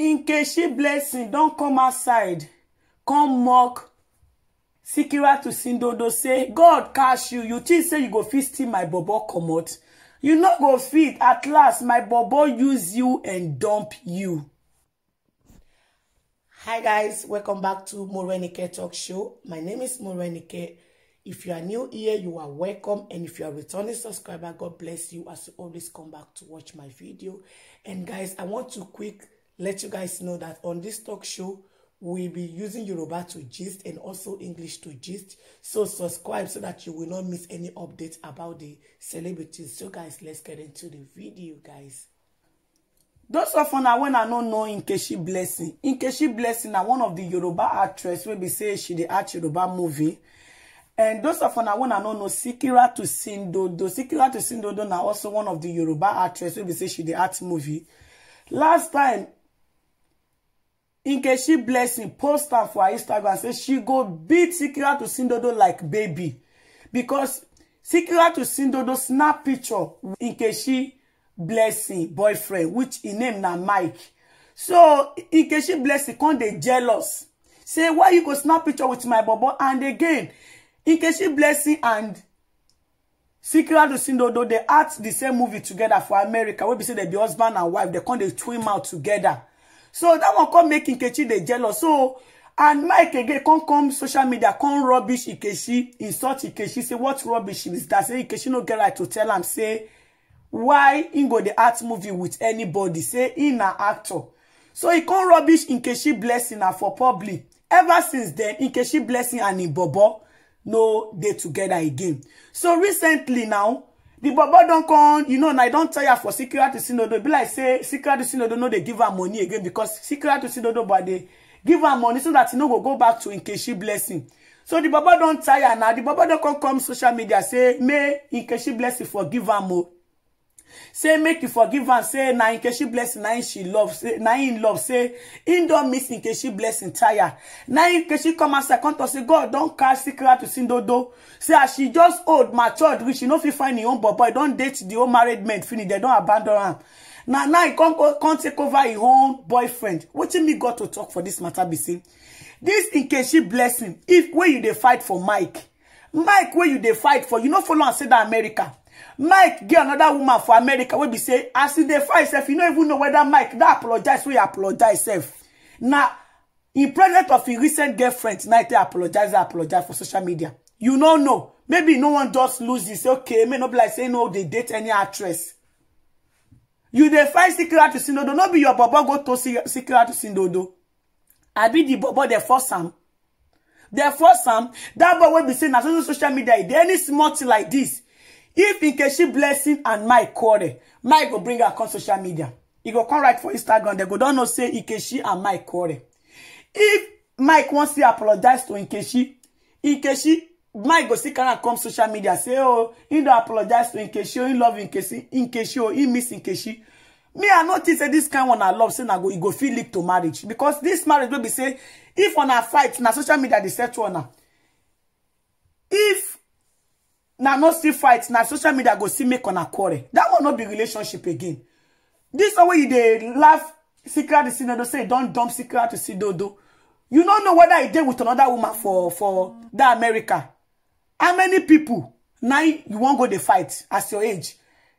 In case she blessing don't come outside come mock sikira to sindodo say god catch you you think say you go feast in my bobo comot you not go feed. at last my bobo use you and dump you hi guys welcome back to morenike talk show my name is morenike if you are new here you are welcome and if you are returning subscriber god bless you as you always come back to watch my video and guys i want to quick let you guys know that on this talk show, we'll be using Yoruba to gist and also English to gist. So subscribe so that you will not miss any update about the celebrities. So guys, let's get into the video, guys. Those of una when I no know Nkechi Blessing. Nkechi Blessing na one of the Yoruba actress wey be say she the act Yoruba movie. And those of una when I no know Sikira to Sindodo. Sikira to Sindodo na also one of the Yoruba actress wey be say she the act movie. Last time nkechi blessing post am for her instagram say she go beat Sikira to sindodo like baby because Sikira to sindodo snap picture nkechi blessing boyfriend which e name na mike so nkechi blessing come they jealous say why you go snap picture with my bobo and again nkechi blessing and Sikira to Sindodo, they act the same movie together for America. Wey be say they be husband and wife. They come they twin out together so that one come make nkechi dey jealous so and mike again come come social media come rubbish nkechi insult nkechi say what rubbish is that say nkechi no get right to tell him say why he go the act movie with anybody say he na actor so he come rubbish nkechi blessing na for public ever since then nkechi blessing and im bobo no dey together again so recently now the bobo don't come you know na i don't tell ya for security sinodo be like say security sinodo no they give her money again because security sinodo but they give her money so that e no go go back to nkechi blessing so the Baba don't tire now. the Baba don't come come social media say may nkechi blessing forgive her more say make you forgive and say na in case she blessing na in she love say na in love say in don't miss in case she blessing tire na in case she come outside come talk say god don't cast secret to sin dodo say as she just old matured which she no fit find him own boy boy don't date the old married men finish they don't abandon am now now e come can't take over him own boyfriend wetin me god to talk for this matter be seen this say dis nkechi blessing if where you dey fight for mike mike where you dey fight for you no follow and say that america mike get another woman for america will be say as e dey fight sef e no even know whether mike that apologize will apologize self. Now, in present of im recent girlfriend now tey apologize apologize for social media you no know maybe no one just lose e okay may no be like say no they date any actress you dey find secret to sindodo no be your bobo go to secret to sindodo be the bobo the first am The first am that boy will be say na social media e any smart like this? if nkechi blessing and mike quarrel mike go bring her come social media He go come write for instagram They go don't know say nkechi and mike quarrel if mike wants to apologize to nkechi nkechi mike go still carry come social media say oh he don't apologize to nkechi oh he love nkechi nkechi oh he miss nkechi me i no think this kind one i love say na go he go feel lead to marriage because this marriage wey be say if una fight na social media dey settle una if Now, no see fight Now, social media go see make on a quarrel that will not be relationship again This one wey you laugh secret to sinodo say don't dump secret to sinodo you no know whether e did with another woman for for that america how many people now you won't go the fight as your age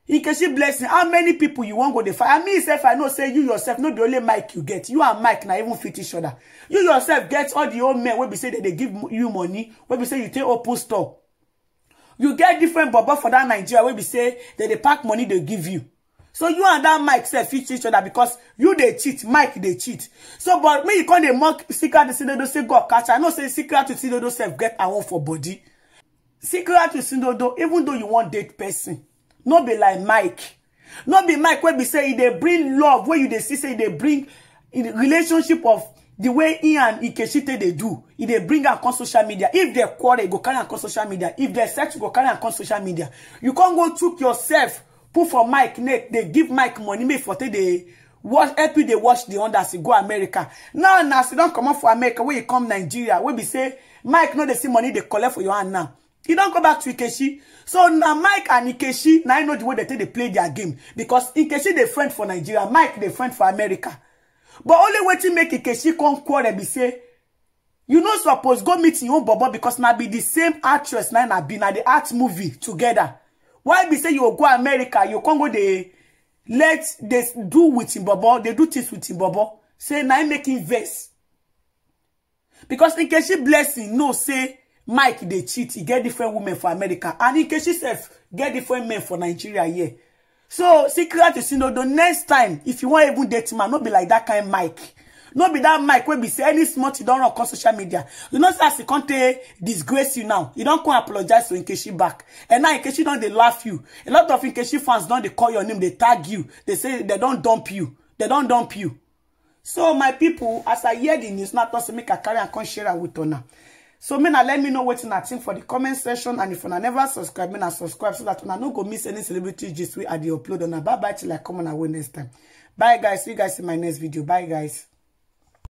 In case nkechi blessing how many people you won't go the fight i mean sef i know say you yourself Not the only mike you get you and mike now even fit each other you yourself get all the old men wey we say dem dey give you money wey we say you take open store you get different bubble for that nigeria where we say that the pack money they give you so you and that mike sef fit each other because you they cheat mike they cheat so but me you call the mock secret to sinodo say god catch i know say secret to sinodo say get her own for body secret to sinodo even though you want date person not be like mike not be mike where we say they e bring love where you they see say they dey bring relationship of the way he and Ikechite they do, if they bring out on social media, if they quarrel, go carry her on social media, if they sex, go carry her on social media. You can't go took yourself, put for Mike neck, they give Mike money, me for they watch, help you, they watch the unders, go America. Now, now, so don't come up for America, where you come Nigeria, where we say, Mike, no, they see money, they collect for your hand now. You don't go back to Ikechi. So now Mike and Ikechi, now I know the way they take they play their game. Because Ikechi, they friend for Nigeria, Mike, they friend for America but only wetin make ikechi come quarrel be say you know suppose go meet your own bobo because now be the same actress Now na be na the art movie together why be say you go america you come go there. let dey do with him bobo They do things with him bobo say now him make him vex because nkechi blessing no say mike they cheat He get different women for america and in nkechi sef get different men for nigeria here yeah so secret is the next time if you wan even date man not be like that kind mic Not be that mic wey be say any smart. you don't run on social media you know say as e con disgrace you now you don't come apologize to nkechi back and now nkechi don't they laugh you a lot of nkechi fans don't they call your name They tag you They say they don't dump you They don't dump you so my people, as i hear the news not tok make a carry and come share it with una so me na let me know what you think for the comment section and if una never subscribe na subscribe so that una no go miss any celebrity gist wey i dey upload And bye bye till i come on away next time bye guys see you guys in my next video bye guys